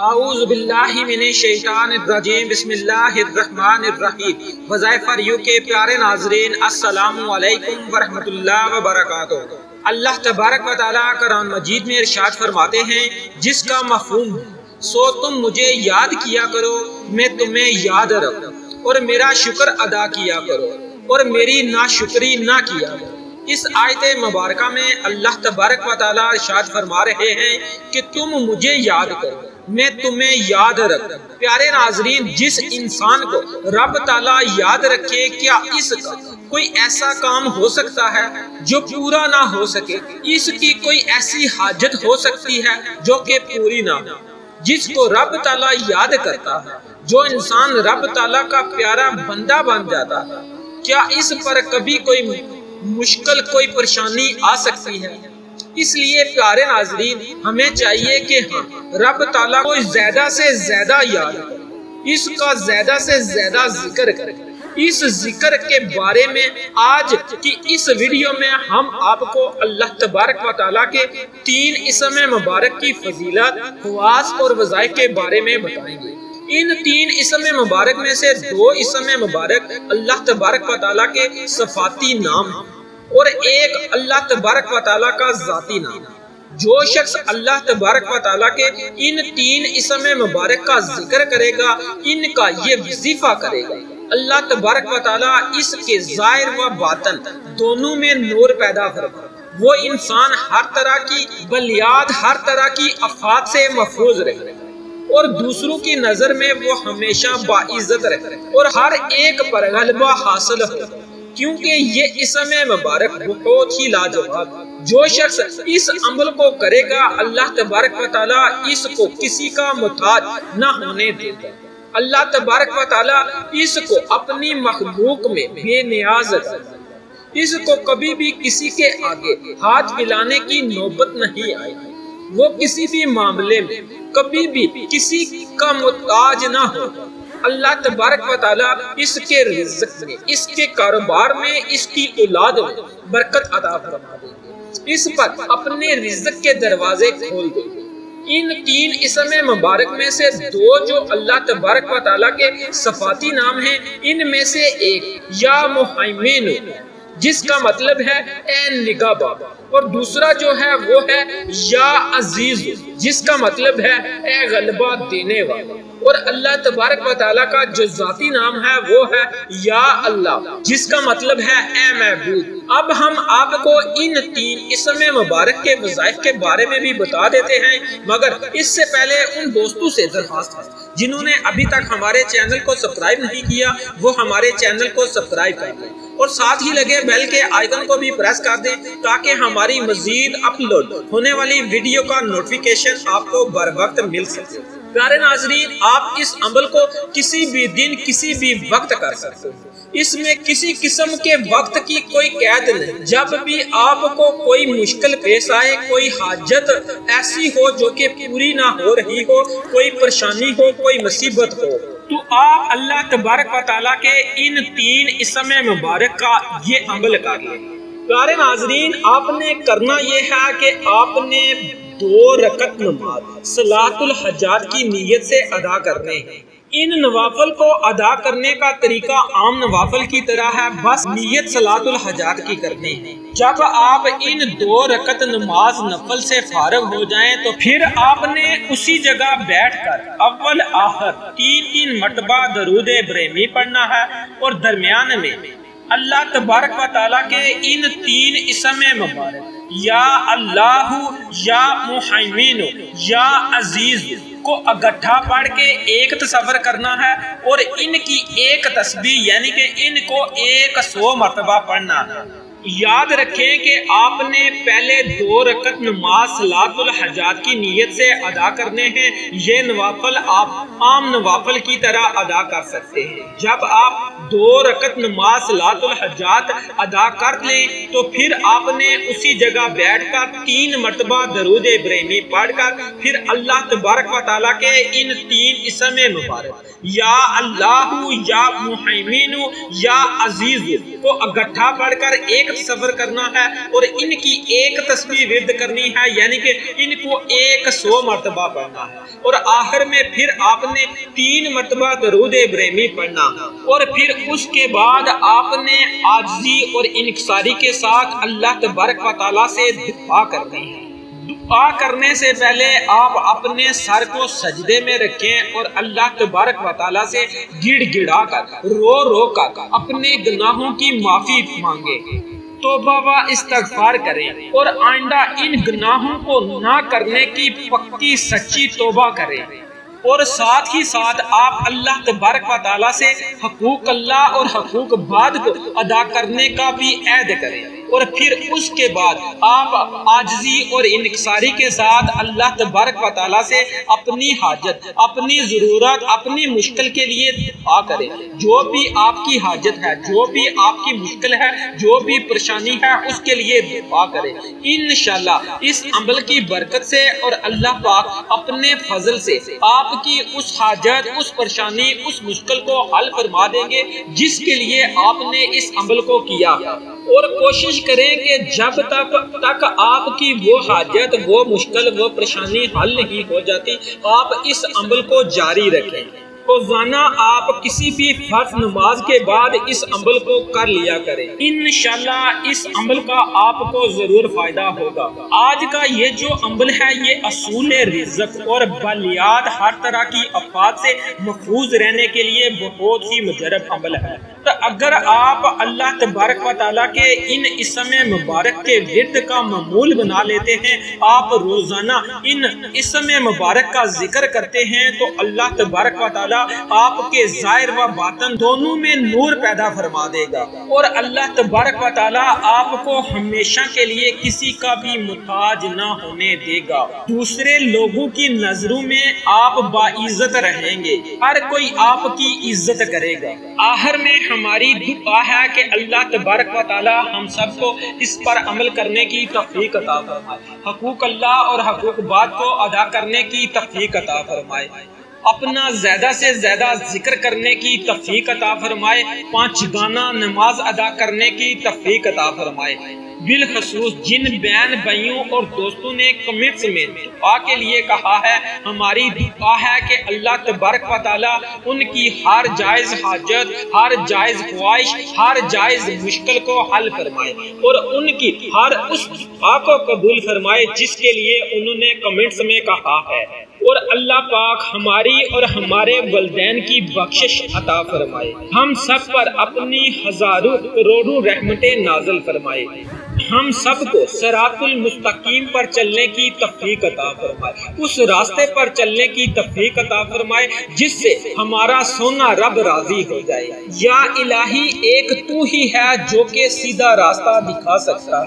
اعوذ باللہ من الرجیم بسم اللہ الرحمن الرحیم کے پیارے ناظرین السلام علیکم ورحمت اللہ وبرکاتہ اللہ تبارک و تعالیٰ قرآن مجید میں ارشاد فرماتے ہیں جس کا مفہوم سو تم مجھے یاد کیا کرو میں تمہیں یاد رکھوں اور میرا شکر ادا کیا کرو اور میری ناشکری نہ کیا کرو اس آیت مبارکہ میں اللہ تبارک و تعالیٰ ارشاد فرما رہے ہیں کہ تم مجھے یاد کرو میں تمہیں یاد رکھ پیارے ناظرین جس انسان کو رب تعالیٰ یاد رکھے کیا اس کا کوئی ایسا کام ہو سکتا ہے جو پورا نہ ہو سکے اس کی کوئی ایسی حاجت ہو سکتی ہے جو کہ پوری نہ ہو جس کو رب تعالیٰ یاد کرتا ہے جو انسان رب تعالیٰ کا پیارا بندہ بن جاتا ہے کیا اس پر کبھی کوئی مشکل کوئی پریشانی آ سکتی ہے اس لیے پیارے ناظرین ہمیں چاہیے کہ ہاں، رب تعالیٰ کو زیادہ سے زیادہ یاد اس کا زیادہ سے زیادہ ذکر اس ذکر کے بارے میں آج کی اس ویڈیو میں ہم آپ کو اللہ تبارک و تعالیٰ کے تین اسم مبارک کی فضیلت خواص اور وظائف کے بارے میں بتائیں گے ان تین اسم مبارک میں سے دو اسم مبارک اللہ تبارک و تعالیٰ کے صفاتی نام ہیں اور ایک اللہ تبارک و تعالیٰ کا ذاتی نام جو شخص اللہ تبارک و تعالیٰ کے ان تین اسم مبارک کا ذکر کرے گا ان کا یہ وظیفہ کرے گا اللہ تبارک و و تعالیٰ اس کے ظاہر باطن دونوں میں نور پیدا ہو وہ انسان ہر طرح کی بلیاد ہر طرح کی افات سے محفوظ رہے اور دوسروں کی نظر میں وہ ہمیشہ باعزت رہے اور ہر ایک پر غلبہ حاصل ہو کیونکہ یہ اس میں مبارک ہی جو شخص اس عمل کو کرے گا اللہ تبارک و تعالی اس کو کسی کا محتاج نہ ہونے دے گا اللہ تبارک و تعالی اس کو اپنی مخبوق میں بے نیاز اس کو کبھی بھی کسی کے آگے ہاتھ ملانے کی نوبت نہیں آئے وہ کسی بھی معاملے میں کبھی بھی کسی کا محتاج نہ ہو اللہ تبارک و تعالیٰ اس کے رزق میں اس اس کے کاروبار میں میں کی اولاد برکت عطا فرما اس پر اپنے رزق کے دروازے کھول ان تین اسم مبارک میں سے دو جو اللہ تبارک و تعالیٰ کے صفاتی نام ہیں ان میں سے ایک یا محیمین جس کا مطلب ہے اے نگاہ اور دوسرا جو ہے وہ ہے یا عزیز جس کا مطلب ہے اے غلبہ دینے والا اور اللہ تبارک و تعالیٰ کا جو ذاتی نام ہے وہ ہے یا اللہ جس کا مطلب ہے اے محبوب اب ہم آپ کو ان تین اسم مبارک کے وظائف کے بارے میں بھی بتا دیتے ہیں مگر اس سے پہلے ان دوستوں سے درخواست جنہوں نے ابھی تک ہمارے چینل کو سبسکرائب نہیں کیا وہ ہمارے چینل کو سبسکرائب کر اور ساتھ ہی لگے بیل کے آئیکن کو بھی پریس کر دیں تاکہ ہماری مزید اپلوڈ ہونے والی ویڈیو کا نوٹفیکیشن آپ کو بر وقت مل سکے ناظرین آپ اس عمل کو کسی بھی وقت کر سکتے اس میں کسی قسم کے وقت کی کوئی قید نہیں جب بھی آپ کو کوئی مشکل پیش آئے کوئی حاجت ایسی ہو جو کہ پوری نہ ہو رہی ہو کوئی پریشانی ہو کوئی مصیبت ہو تو آپ اللہ تبارک و تعالیٰ کے ان تین اسم مبارک کا یہ عمل کر لیں پیارے ناظرین آپ نے کرنا یہ ہے کہ آپ نے دو رکت نماز سلاۃ الحجات کی نیت سے ادا کرنے ہیں ان نوافل کو ادا کرنے کا طریقہ عام نوافل کی طرح ہے بس نیت سلاد الحجات کی کرنے ہے جب آپ ان دو رکت نماز نفل سے فارغ ہو جائیں تو پھر آپ نے اسی جگہ بیٹھ کر اول آخر تین تین مرتبہ درود بریمی پڑھنا ہے اور درمیان میں اللہ تبارک و تعالیٰ کے ان تین اسم مبارک یا اللہ یا یا محیمین عزیز کو اگٹھا پڑھ کے ایک تصور کرنا ہے اور ان ان کی ایک ایک یعنی کہ کو سو مرتبہ پڑھنا یاد رکھیں کہ آپ نے پہلے دو رکت نماز سلاد الحجات کی نیت سے ادا کرنے ہیں یہ نوافل آپ عام نوافل کی طرح ادا کر سکتے ہیں جب آپ دو رکت نماز صلات الحجات ادا کر لیں تو پھر آپ نے اسی جگہ بیٹھ کر تین مرتبہ درود ابراہیمی پڑھ کر پھر اللہ تبارک و تعالیٰ کے ان تین اسم مبارک یا اللہ یا محیمین یا عزیز کو اگٹھا پڑھ کر ایک سفر کرنا ہے اور ان کی ایک تسبیح ورد کرنی ہے یعنی کہ ان کو ایک سو مرتبہ پڑھنا ہے اور آخر میں پھر آپ نے تین مرتبہ درود ابراہیمی پڑھنا اور پھر پھر اس کے بعد آپ نے آجزی اور انکساری کے ساتھ اللہ تبارک و تعالیٰ سے دعا کرنی ہے دعا کرنے سے پہلے آپ اپنے سر کو سجدے میں رکھیں اور اللہ تبارک و تعالیٰ سے گڑ گڑا کر رو رو کر اپنے گناہوں کی معافی مانگیں توبہ و استغفار کریں اور آئندہ ان گناہوں کو نہ کرنے کی پکی سچی توبہ کریں اور ساتھ ہی ساتھ آپ اللہ تبارک و تعالیٰ سے حقوق اللہ اور حقوق بعد کو ادا کرنے کا بھی عید کریں اور پھر اس کے بعد آپ آجزی اور انکساری کے ساتھ اللہ تبارک و تعالیٰ سے اپنی حاجت اپنی ضرورت اپنی مشکل کے لیے دعا کریں جو بھی آپ کی حاجت ہے جو بھی آپ کی مشکل ہے جو بھی پریشانی ہے اس کے لیے دعا کریں انشاءاللہ اس عمل کی برکت سے اور اللہ پاک اپنے فضل سے آپ کی اس حاجت اس پریشانی اس مشکل کو حل فرما دیں گے جس کے لیے آپ نے اس عمل کو کیا اور کوشش کریں کہ جب تک تک آپ کی وہ حاجت وہ مشکل وہ پریشانی حل نہیں ہو جاتی آپ اس عمل کو جاری رکھیں روزانہ آپ کسی بھی فرض نماز کے بعد اس عمل کو کر لیا کریں انشاءاللہ اس عمل کا آپ کو ضرور فائدہ ہوگا آج کا یہ جو عمل ہے یہ اصول رزق اور ہر طرح کی افات سے محفوظ رہنے کے لیے بہت ہی مجرب عمل ہے تو اگر آپ اللہ تبارک و تعالیٰ کے ان اسم مبارک کے ورد کا معمول بنا لیتے ہیں آپ روزانہ ان اسم مبارک کا ذکر کرتے ہیں تو اللہ تبارک و تعالیٰ آپ کے ظاہر و باطن دونوں میں نور پیدا فرما دے گا اور اللہ تبارک و تعالیٰ آپ کو ہمیشہ کے لیے کسی کا بھی محتاج نہ ہونے دے گا دوسرے لوگوں کی نظروں میں آپ باعزت رہیں گے ہر کوئی آپ کی عزت کرے گا آخر میں ہماری دعا ہے کہ اللہ تبارک و تعالیٰ ہم سب کو اس پر عمل کرنے کی تفریق عطا فرمائے حقوق اللہ اور حقوق بات کو ادا کرنے کی تفریق عطا فرمائے اپنا زیادہ سے زیادہ ذکر کرنے کی تفیق عطا فرمائے پانچ گانا نماز ادا کرنے کی تفیق عطا فرمائے بالخصوص جن بین بھائیوں اور دوستوں نے کمنٹس میں دعا کے لیے کہا ہے ہماری دعا ہے کہ اللہ تبارک و تعالی ان کی ہر جائز حاجت ہر جائز خواہش ہر جائز مشکل کو حل فرمائے اور ان کی ہر اس دعا کو قبول فرمائے جس کے لیے انہوں نے کمنٹس میں کہا ہے اور اللہ پاک ہماری اور ہمارے والدین کی بخشش عطا فرمائے ہم سب پر اپنی ہزاروں کروڑوں رحمتیں نازل فرمائے ہم سب کو سرات المستقیم پر چلنے کی عطا فرمائے اس راستے پر چلنے کی عطا فرمائے جس سے ہمارا سونا رب راضی ہو جائے یا الہی ایک تو ہی ہے ہے جو کہ سیدھا راستہ دکھا سکتا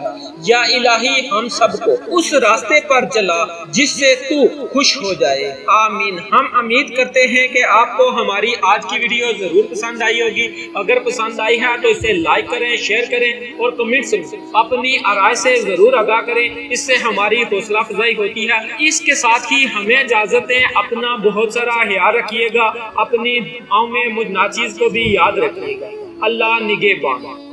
یا الہی ہم سب کو اس راستے پر چلا جس سے تو خوش ہو جائے آمین ہم امید کرتے ہیں کہ آپ کو ہماری آج کی ویڈیو ضرور پسند آئی ہوگی اگر پسند آئی ہے تو اسے لائک کریں شیئر کریں اور کمنٹس میں اپنی آرائے سے ضرور اگا کریں اس سے ہماری حوصلہ افزائی ہوتی ہے اس کے ساتھ ہی ہمیں اجازت اپنا بہت سارا حیال رکھیے گا اپنی میں مجھ ناچیز کو بھی یاد رکھیے گا اللہ نگے